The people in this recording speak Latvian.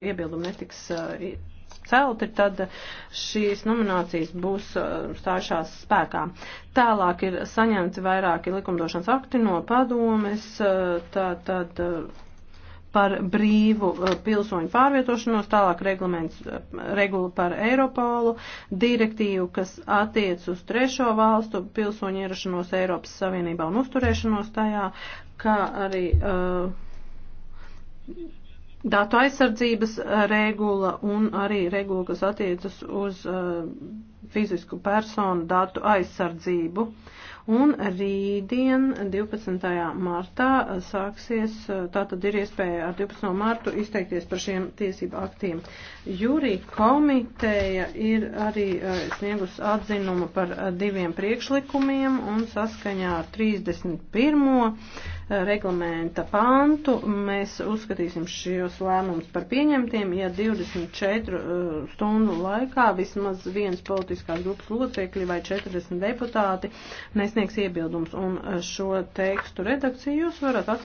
iebildumi netiks eh, celti, tad šīs nominācijas būs eh, stājušās spēkā. Tālāk ir saņemti vairāki likumdošanas akti no padomes, eh, tā tad par brīvu pilsoņu pārvietošanos, tālāk reglaments, regula par Eiropolu, direktīvu, kas attiec uz trešo valstu pilsoņu ierašanos Eiropas Savienībā un uzturēšanos tajā, kā arī uh, datu aizsardzības eh, regula un arī regula, kas attiecas uz uh, fizisku personu datu aizsardzību. Un rītdien, 12. martā, eh, sāksies, tā tad ir iespēja ar 12. martu izteikties par šiem tiesību aktiem. Jūrī komiteja ir arī uh, sniegus atzinumu par uh, diviem priekšlikumiem un saskaņā ar 31 reglamenta pantu, mēs uzskatīsim šos lēmumus par pieņemtiem, ja 24 uh, stundu laikā vismaz viens politiskās grupas locekļi vai 40 deputāti nesniegs iebildums. Un uh, šo tekstu redakciju jūs varat atrast.